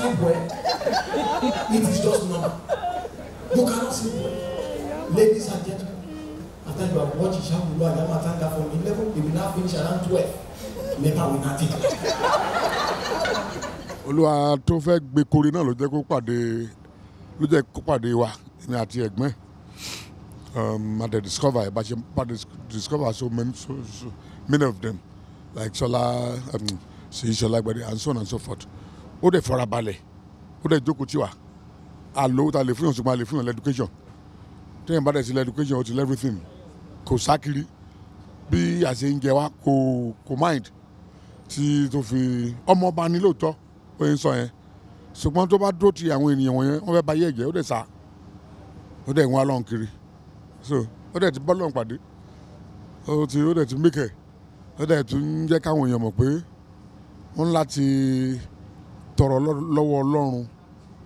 sleep well. It is just normal. You cannot sleep well. Ladies and gentlemen, after you have watched Ishamu Lua Adama Tanga from 11, they will now finish around 12. Later we not take Olúwa tó fẹ́ gbé kori náà ló jẹ́ kó pàdé ló jẹ́ kó pàdé wa èmi àti ẹ̀gbọ́n um, and they discover but she discover so many so, so many of them like Shola um, Seyi Shola Gbade and so on and so forth ó dẹ̀ fara balẹ̀ ó dẹ̀ jókòó tiwa àlò ta lè fúnyàn ṣùgbọ́n a lè fúnyàn lẹ́dúkéṣàn téèyàn bá dẹ̀ sí lẹ́dúkéṣàn ó ti lẹ́fírísìn kò sákiri bí àṣẹ ń jẹ wá kò kò mind tí tó fi ọmọ ọba ni lóòótọ́ ó yẹn sọ yẹn ṣùgbọ́n tó bá dúró ti àwọn ènìyàn wọ̀nyẹn wọ́n fẹ́ ba ayé ẹ̀jẹ̀ ó dẹ̀ sá ó dẹ̀ ń lọ́n kiri so ó dẹ̀ ti bọ́ lọ́n pàdé ó ti ó dẹ̀ ti mí e. ó dẹ̀ tún jẹ́ káwọn èèyàn mọ̀ pé wọ́n láti tọrọ lọ́wọ́ ọlọ́run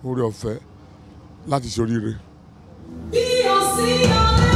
oore ọ̀fẹ́ láti ṣoríire. bí o sí ọlẹ́.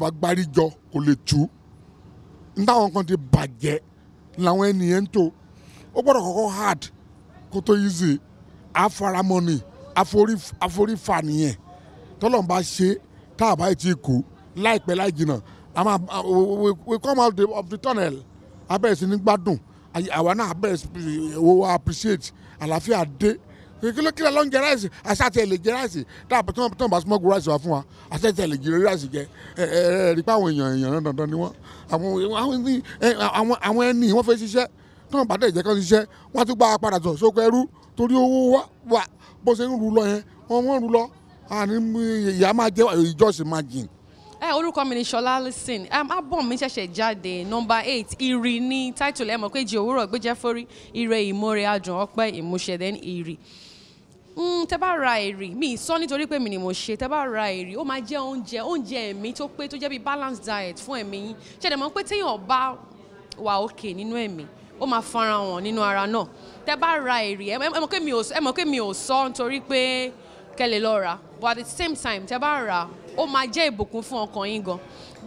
bá gbárí kò lè tú n táwọn kan ti bàjẹ́ làwọn ènìyàn ń ó gbọ́dọ̀ kọ́kọ́ hard kó tó easy àfaramọ́ni àforífà nìyẹn tọ́lọ́n bá ṣe tá a bá ti kú láìpẹ́ láì jìnnà a máa we come out of the tunnel abẹ́rẹ́ sí ní gbádùn àwa náà abẹ́rẹ́ sí wo appreciate àlàáfíà dé kíló kíló ló ń jẹ ráìsì àṣà tẹ lè jẹ ráìsì dáàbò tí wọn bá súnmọ́ gu ráìsì wá fún wa àṣà tẹ lè jẹ ráìsì jẹ ẹ ẹ rí pé àwọn èèyàn èèyàn dandan ni wọn àwọn ẹni wọn fẹ́ ṣiṣẹ́ tí wọn bá dẹ̀ jẹ́ kán ṣiṣẹ́ wọn tún gba padà sọ sóko ẹrú torí owó wa wà bó ṣe ń rú lọ yẹn wọn wọn rú lọ àní ìyá máa jẹ ìjọsìn máa jìn. ẹ orúkọ mi ni Ṣọlá Allyson album mi ṣẹ̀ṣẹ̀ jáde nọmba eight ìrì ni title ẹ mọ̀ pé jí òwúrọ̀ gbéjẹ́ fórí ire ìmoore adùn ọpẹ́ ìmúṣẹ then ìrì. Mm, tẹ bá ra èrè mi sọ nítorí pé mi ni mo ṣe tẹ bá ra èrè ó máa jẹ oúnjẹ oúnjẹ ẹ̀mí tó pé tó jẹ́ bí balanced diet fún ẹ̀mí yín ṣẹ̀dẹ̀ mọ́ pé téèyàn bá wà òkè nínú ẹ̀mí ó máa fara hàn nínú ara náà tẹ bá ra èrè ẹ mọ̀ pé mi ò sọ nítorí pé kẹlẹ̀ lọ ra but at the same time tẹ bá ra ó máa jẹ́ ìbùkún fún ọkàn yín gan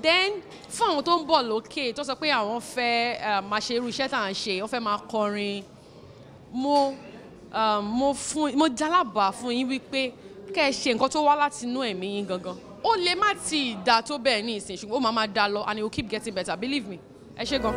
then fún àwọn tó ń bọ̀ lókè tó sọ pé àwọn fẹ́ eh, máa ṣe irú iṣẹ́ tá à ń ṣe wọ́n fẹ́ máa kọrin mo Um, mo fún mo jálábà fún yín wípé kẹ́ ẹ ṣe nǹkan tó wá láti inú ẹ̀mí yín gangan ó lè má ti dà tó bẹ́ẹ̀ ní ìsìn ṣùgbọ́n ó máa máa dà lọ and it will keep getting better believe me ẹ ṣé gan.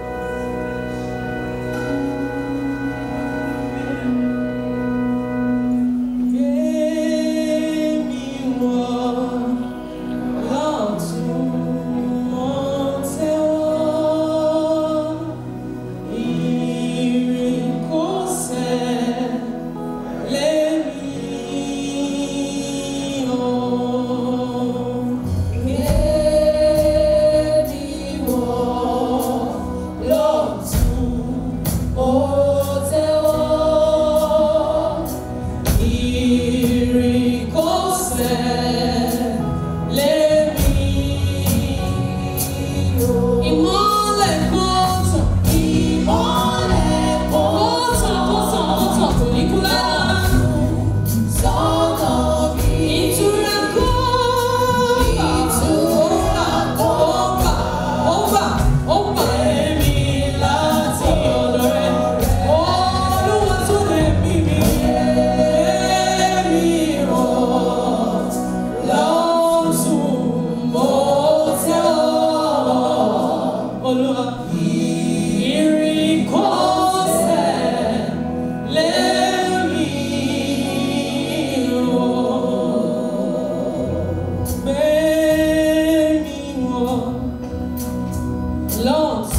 lost,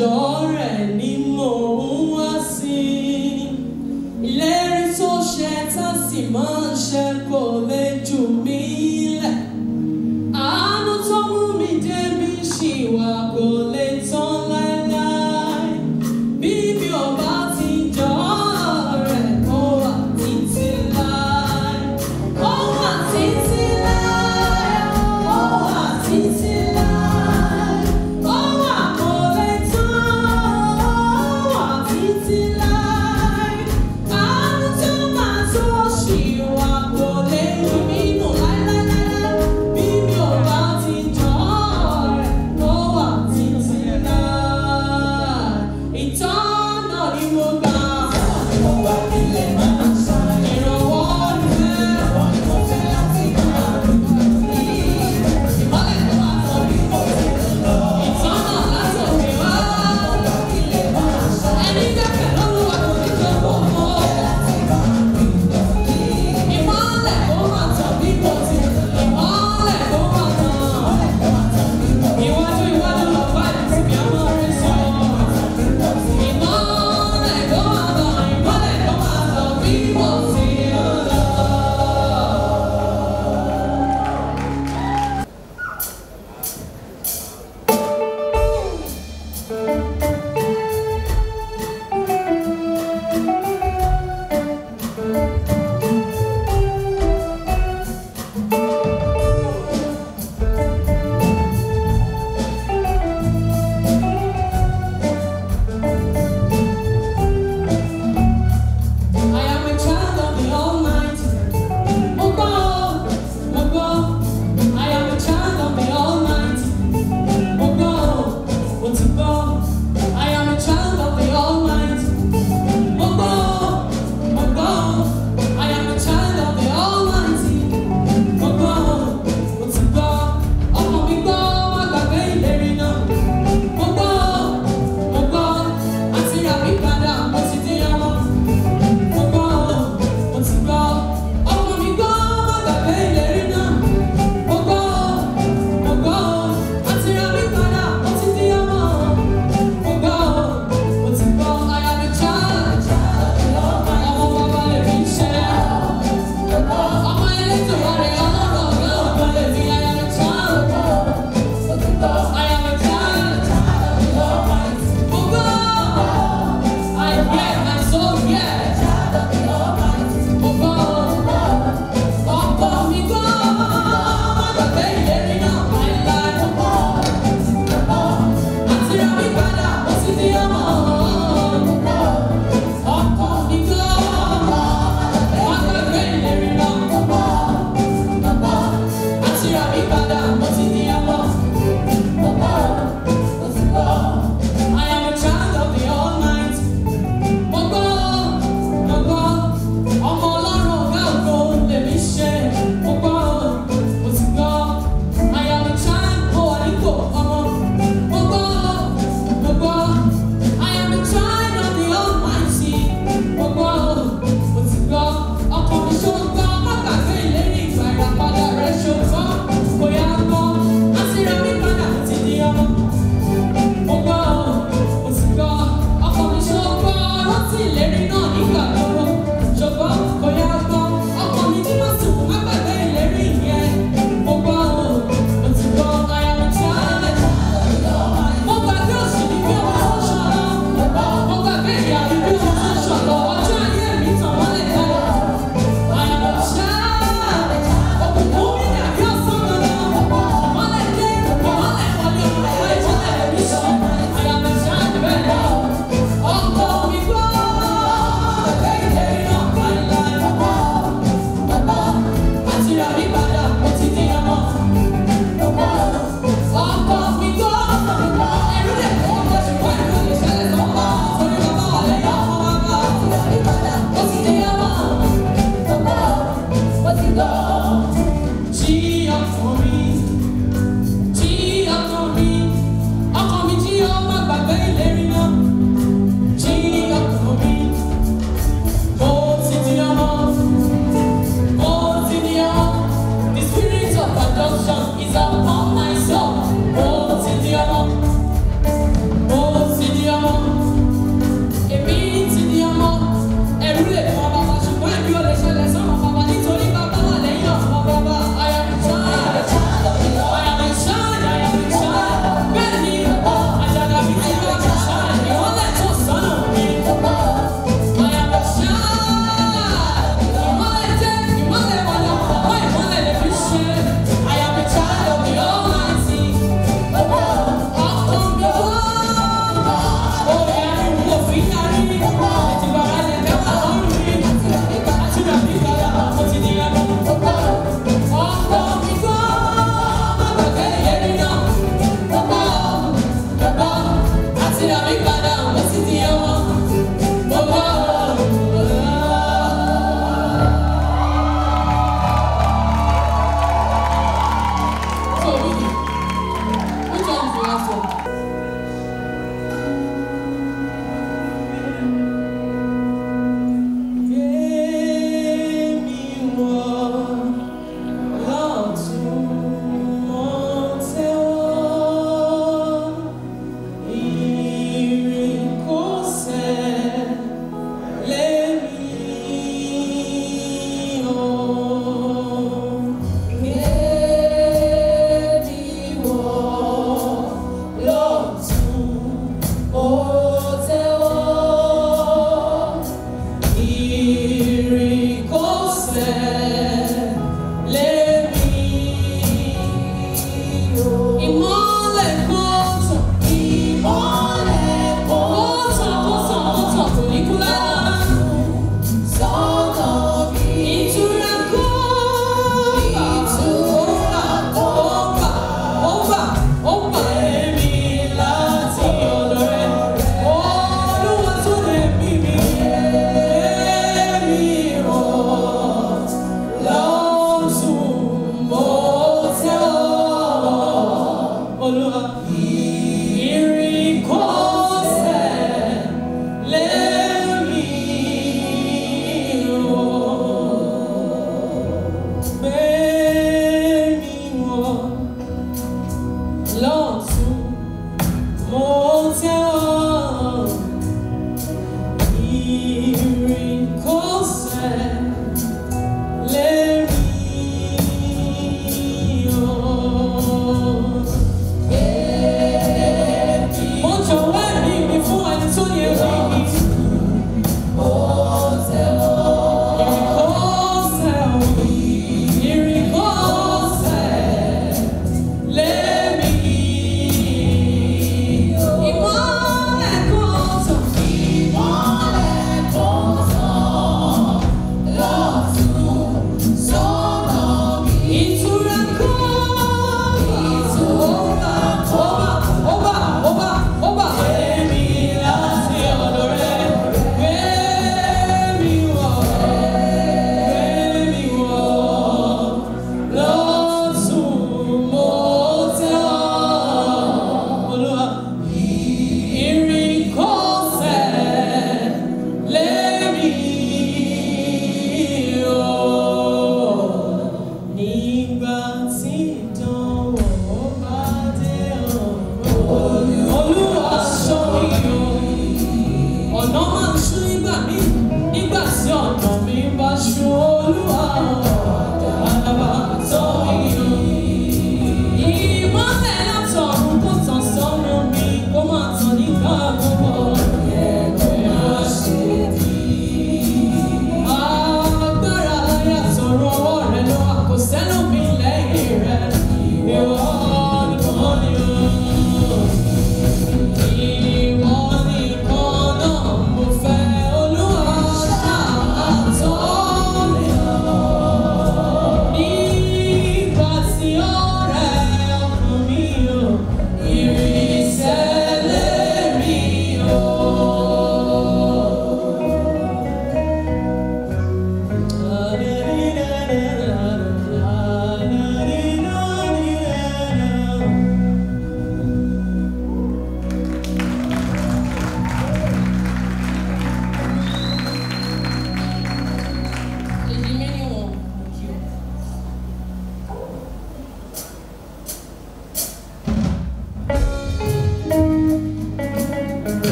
door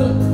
another.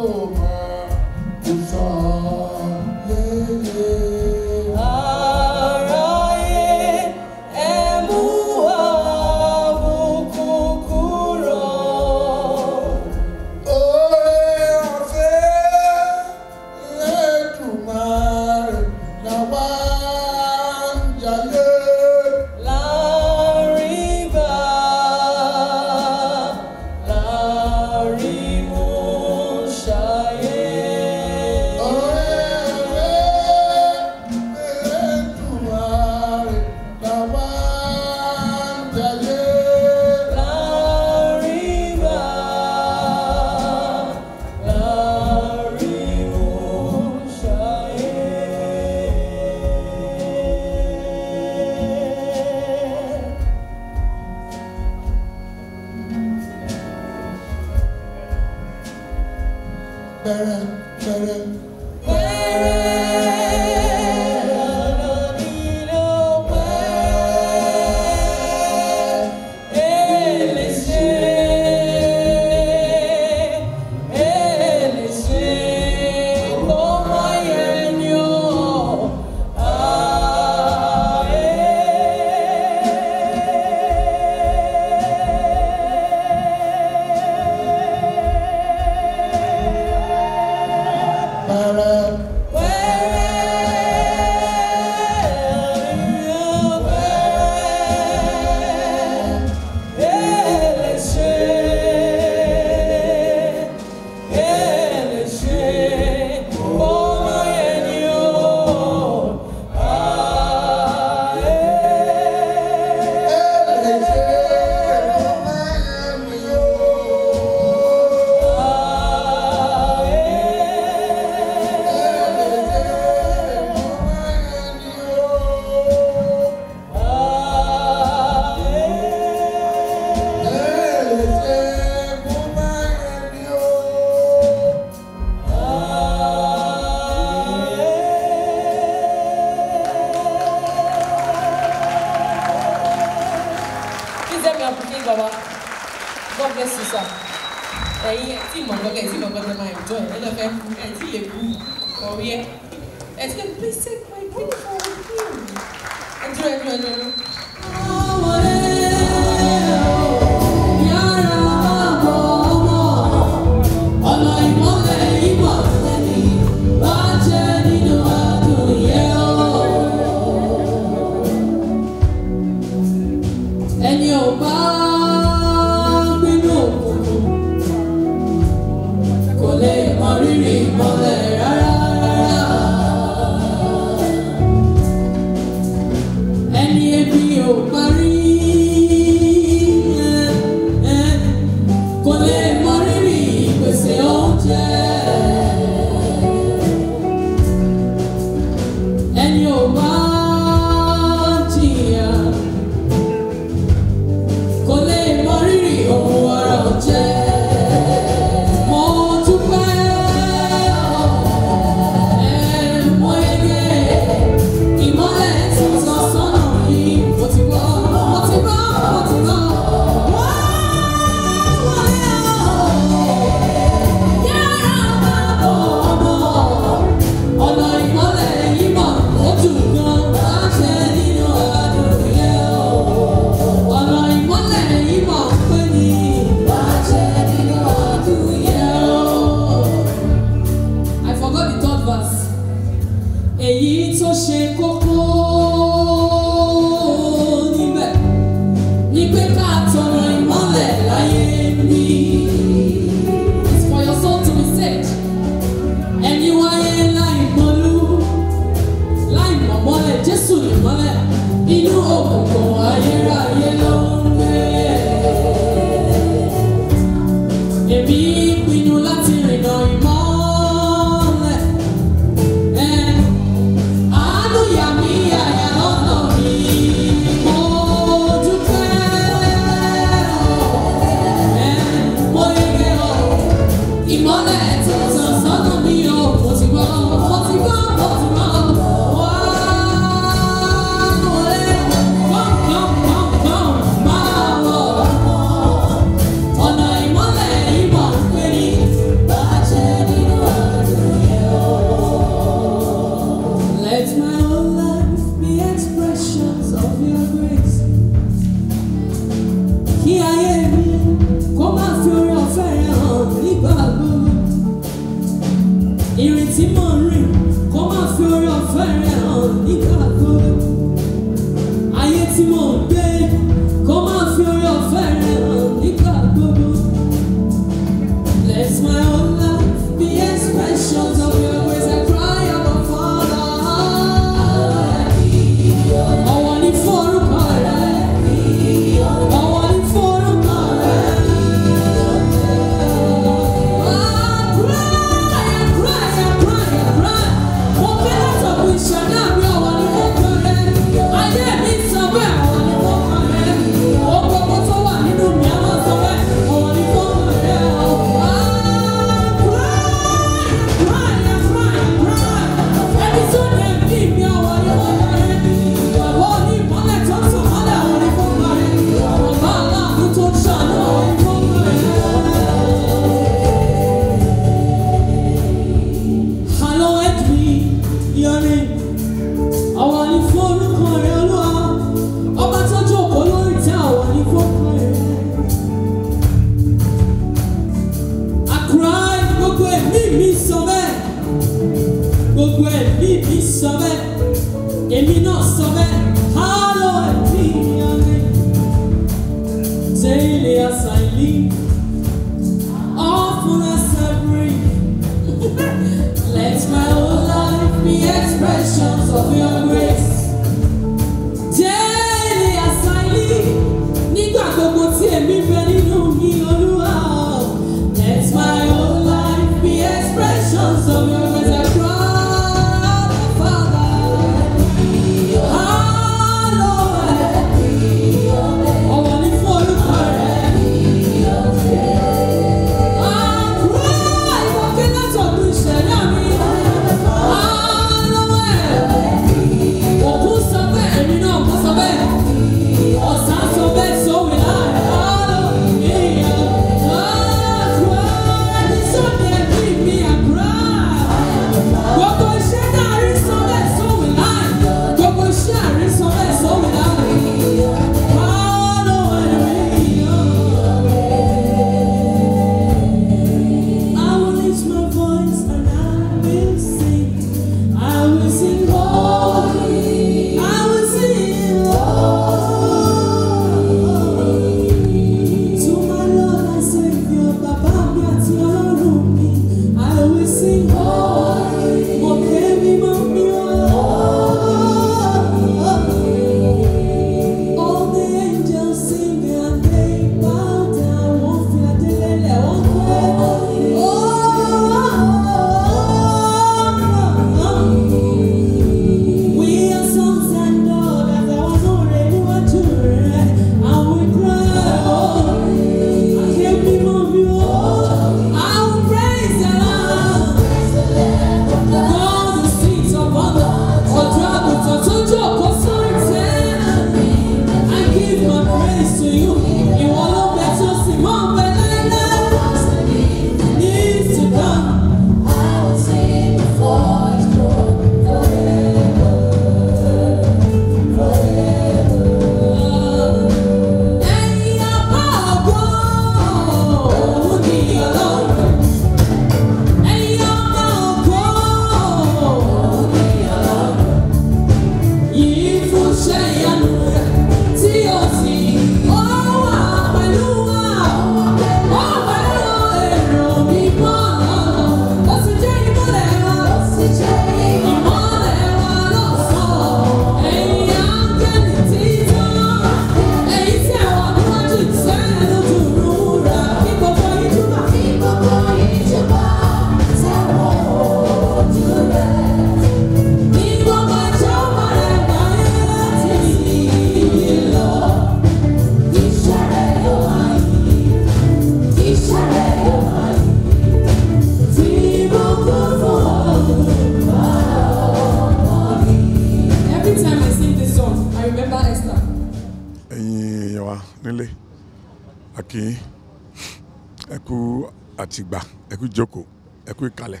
ẹ Joko, ìjókòó ẹ kú ìkàlẹ̀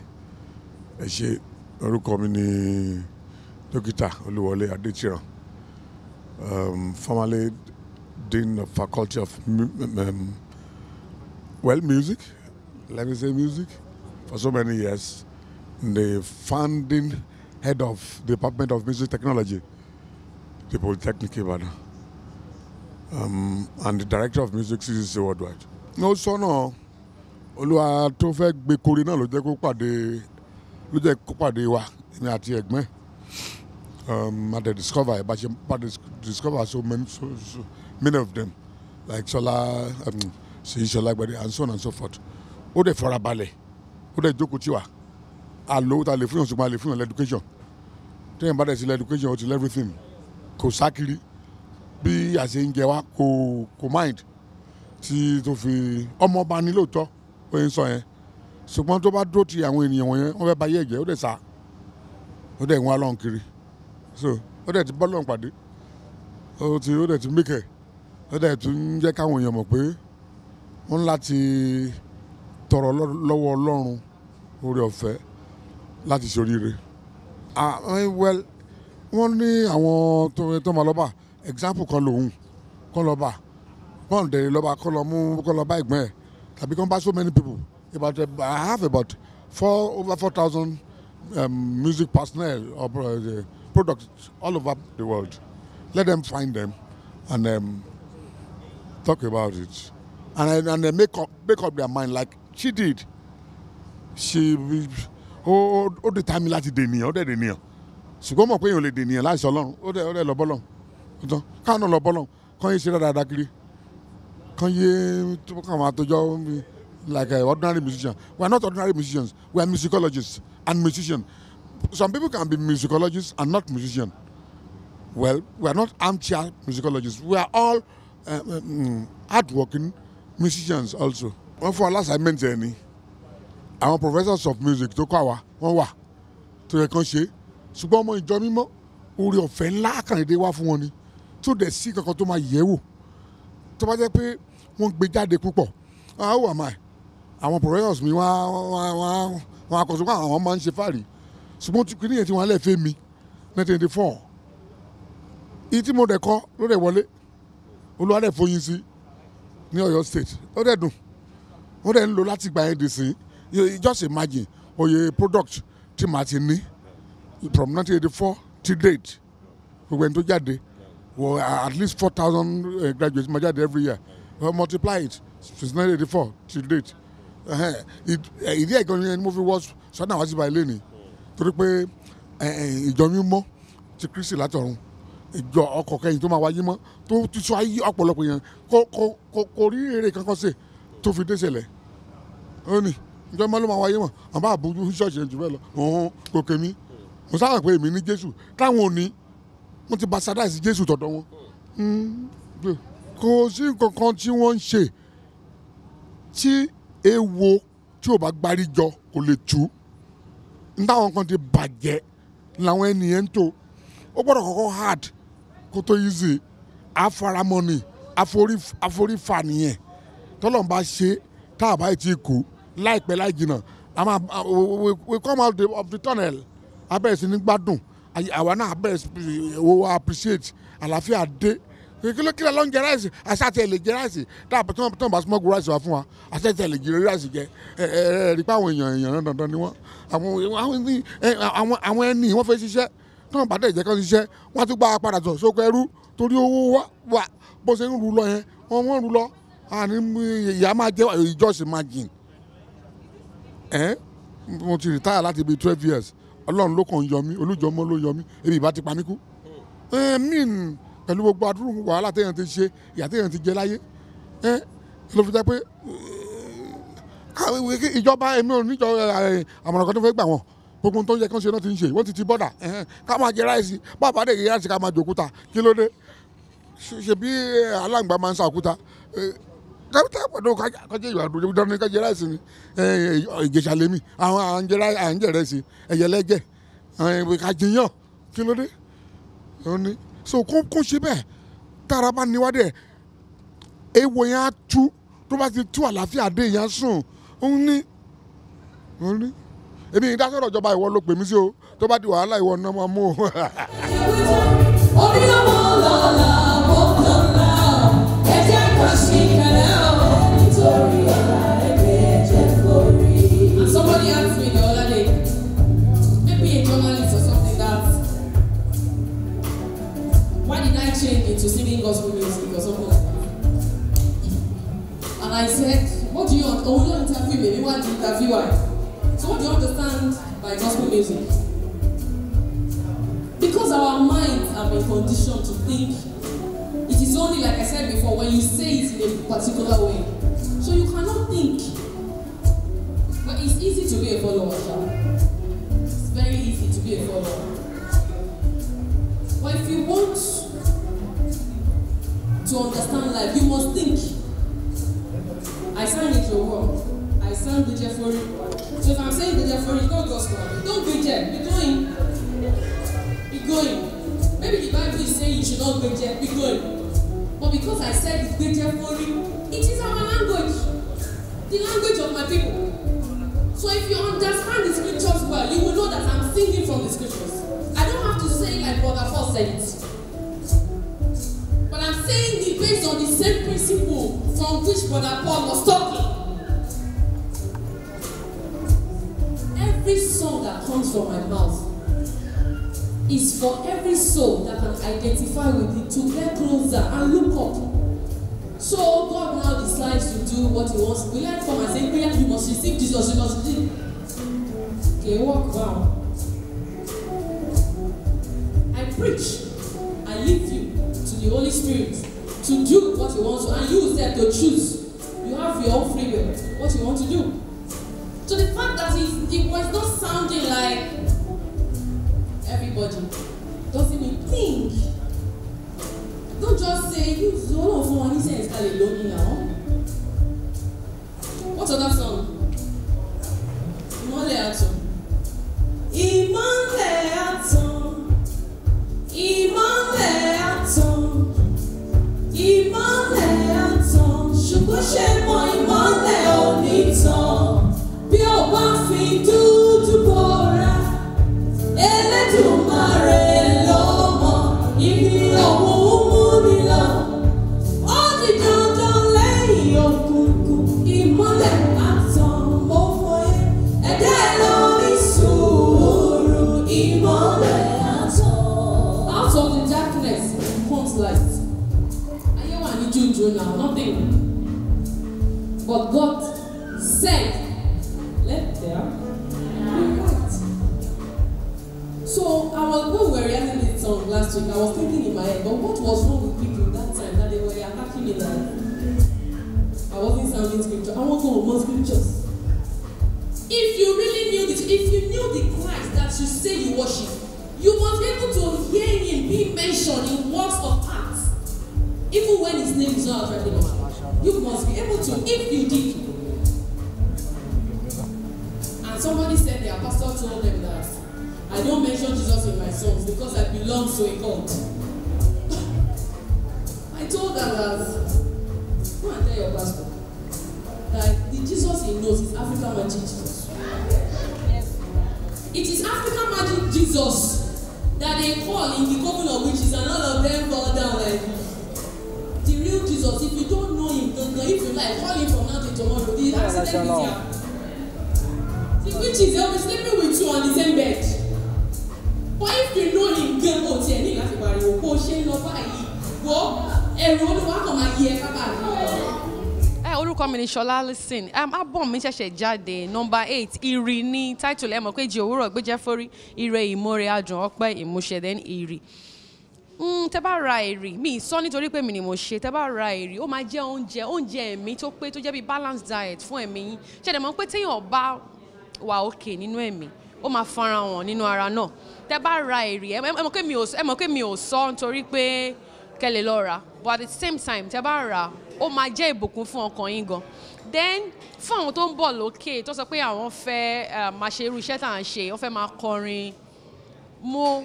ẹ ṣe orúkọ mi ní dókítà olúwọlé adétíran um, formerly dean of faculty of um, well music let me say music for so many years the founding head of department of music technology the polytechnic ibadan um, and the director of music ccc worldwide. No, ó no olúwa tó fẹ́ gbé kori náà ló jẹ́ kó pàdé ló jẹ́ kó pàdé wa èmi àti ẹ̀gbọ́n ma um, discover bá ṣe bá discover so many so, so many of them like Ṣọlá ṣèyí um, Ṣọlá gbadé and so on and so forth ó dẹ̀ fara balẹ̀ ó dẹ̀ jókòó tiwa àlọ́ ta lè fún yàn ṣùgbọ́n a lè fún yàn lẹ́dúkéṣọ̀n tẹ́yìn bá dẹ̀ sí lẹ́dúkéṣọ̀n ó ti lẹ́fírífìn kò sákiri bí àṣẹ ń jẹ wá kò kò mind tí tó fi ọmọ ọba ni lóòótọ́ oyin sọ yẹn ṣùgbọ́n tó bá dúró ti àwọn ènìyàn wọ̀nyẹn wọ́n fẹ́ ba ayé ẹ̀jẹ̀ ó dẹ̀ sa ó dẹ̀ ń wá lọ́n kiri so ó dẹ̀ ti bọ́ lọ́n pàdé ó ti ó dẹ̀ ti mìkẹ̀ ó dẹ̀ tún ń jẹ́ káwọn èèyàn mọ̀ pé wọ́n láti tọrọ lọ́wọ́ ọlọ́run oore ọ̀fẹ́ láti ṣoríire. ah well wọ́n ní àwọn tó máa lọ́ba example kan lòun kọ́ lọ́ba bọ́ọ̀dẹ̀ lọ́ba kọ́ lọ́ kọ́ lọ́ba ìgbọ́n ẹ̀ become by so many people. About uh, I have about four over four thousand um, music personnel or uh, products all over the world. Let them find them and um, talk about it, and and they make up make up their mind like she did. She ó all the time mi láti dènìyàn the dẹ̀ dènìyàn ṣùgbọ́n mọ̀ pé èèyàn lè dènìyàn láìsọ ọlọ́run ó dẹ̀ ó dẹ̀ lọ bọ́lọ̀ káwọn náà lọ bọ́lọ̀ kọ́ yín ṣe dáadáa kiri. Kanye tó kàn máa tójọ́ um, like an uh, ordinary musician we are not ordinary musicians we are musicologists and musicians some people can be musicologists and not musicians well we are not armchair musicologists we are all uh, um, hardworking musicians also. wọ́n fún wa lásàmẹ́ǹtì ẹ̀ ni àwọn professors of music tó kọ́ àwa wọ́n wà tó yẹ kán ṣe ṣùgbọ́n ọmọ ìjọ mímọ́ orí ọ̀fẹ́ ńlá kàndéédé wá fún wọn ni tó dẹ̀ sí kankan tó máa yẹ̀ wò tó bá jẹ́ pé wọ́n gbé jáde púpọ̀ ah, how am àwọn professors mi wọ́n wọ́n wọ́n pé àwọn máa ń ṣe fàárì ṣùgbọ́n tí kìnìyàn tí wọ́n lẹ̀ fẹ́ mi nineteen eighty four ìyí tí mo dẹ̀ kọ́ ló dẹ̀ wọlé olúwa dẹ̀ fọyín sí ní Ọ̀yọ́ state ó dẹ̀ dùn ó dẹ̀ ń lò láti gba ẹ̀ dì sí just imagine oye product tí màá ti ní from nineteen eighty four to date gbogbo ẹni tó jáde at least four thousand eh, graduates máa jáde every year uh, multiply it since 1984 till date ìdí ẹ̀gàn yẹn ni mo fi wọ́ Sunday àwọn àtibá ilé ni torí pé ìjọ mímọ́ ti Kristi látọ̀run ìjọ ọkọ̀ kẹyìn tó máa wáyé mọ́ tó ti sọ ayé ọ̀pọ̀lọpọ̀ yẹn kò rí èrè kankan ṣe tó fi dé ṣẹlẹ̀ ó ní ìjọ mọ́ ló máa wáyé mọ́ àbá àbújú ṣọ́ọ̀ṣì yẹn jù bẹ́ẹ̀ lọ òun kò kémi mo sábà pé èmi ní Jésù táwọn ò ní wọ́n ti basadize Jésù tọ̀dọ̀ wọn. Hmm, kò sí nǹkan kan tí wọ́n ń ṣe tí ewo tí ò bá gbárí jọ kò lè tú nítawọn kan ti bàjẹ́ làwọn ènìyàn ń tò ó gbọ́dọ̀ kọ́kọ́ hard kó tó easy àfaramọ́ ni àforífà nìyẹn tọ́lọ́n bá ṣe tá a bá ti kú láìpẹ́ láì jìnnà a we we come out of the tunnel abẹ́rẹ́ sí ní gbádùn àwa náà abẹ́rẹ́ sí wo appreciate àlàáfíà dé kíló kíló ló ń jẹ ráìsì àṣàtì ẹ̀ lè jẹ ráìsì tá a bá súnmọ́ ráìsì wá fún wa àṣàtì ẹ̀ lè jẹ ráìsì jẹ ẹ ẹ rí àwọn èèyàn èèyàn dandan ni wọ́n àwọn ẹni wọ́n fẹ́ ṣiṣẹ́ tó ń bàtẹ́ ìjẹ́kọ́ ṣiṣẹ́ wọ́n tún gba padà sọ sóko ẹrú torí owó wà bó ṣe ń rú lọ yẹn wọ́n wọ́n rú lọ àní ìyá máa jẹ́ ìjọsìn máa jìn ẹ́ mo ti rìtáyà láti bíi twelve years ọlọ́run ló kàn yọ mí olújọmọ́ ló yọ mí ebi ìbá ti pa mí kú. ẹ mí pẹ̀lú gbogbo àdúrú wàhálà téèyàn ti ṣe ìyà téèyàn ti jẹ láyé ẹ ló fi jẹ́ pé ìjọba èmi ò níjọ àmọ̀ràn kan tó fẹ́ gbà wọ́n gbogbo tó yẹ kán ṣe náà ti ń ṣe wọ́n ti ti bọ́dà ká máa jẹ ráìsì bàbá dè yíyá sí ká máa jòkúta kí ló dé ṣebí aláǹgbá máa ń sàkúta kápẹ́tà pẹ̀lú kájẹ́ ìwà àdúgbò dáná ní kájẹ́ ráìsì ni ìjẹ̀ṣà lèmi àwọn à ń jẹ ráìsì ẹ̀yẹlẹ́jẹ̀ kájẹ́yàn kí ló dé ó ní so kó kó ṣe bẹ́ẹ̀ tára bá níwájú ẹ̀ ewo yẹn á tú tó bá ti tú àlàáfíà dé yẹn á sùn ó ní ó ní èmi ìdásọ̀rọ̀ ìjọba ìwọ ló pè mí sí o tó bá di wàhálà ìwọ náà máa mú o. hallelujah live the life, not live from now till tomorrow. The accident is here. The witches, they will be with you on the same bed. But if you know him, girl, ó tiẹ̀ ní láti pariwo kó o ṣe ń lọ báyìí. Wọ́ ẹ̀rù olúwa kan máa yẹ kábà ẹ orúkọ mi ni Ṣọlá Allyson um, album mi ṣẹ̀ṣẹ̀ jáde number eight ìrì ni title ẹ mọ̀ pé jí òwúrọ̀ gbéjẹ́ fórí ire ìmoore adùn ọpẹ́ ìmúṣẹ then ìrì. Mm, tẹ bá ra èrì mi sọ nítorí pé mi ni mo ṣe tẹ bá ra èrì ó máa jẹ oúnjẹ oúnjẹ ẹ̀mí tó pé tó jẹ́ bí balanced diet fún ẹ̀mí yín ṣẹ̀dẹ̀ mọ́ pé téèyàn bá wà òkè nínú ẹ̀mí ó máa fara hàn nínú ara náà tẹ bá ra èrì ẹ mọ̀ pé ẹ mọ̀ pé mi ò sọ nítorí pé kẹlẹ̀ lọ rà but at the same time tẹ bá rà ó máa jẹ́ ìbùkún fún ọkàn yín gan then fún àwọn tó ń bọ̀ lókè tó sọ pé àwọn fẹ́ eh, máa ṣe irú iṣẹ́ tá à ń ṣe wọ́n fẹ́ máa kọrin mo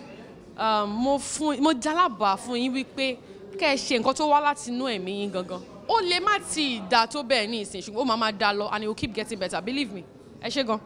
Um, mo fún mo jálábà fún yín wípé kẹ́ ẹ ṣe nǹkan tó wá láti inú ẹ̀mí yín gangan ó lè má ti ìdá tó bẹ́ẹ̀ ní ìsìn ṣùgbọ́n ó máa máa dá lọ and it will keep getting better believe me ẹ ṣé gan.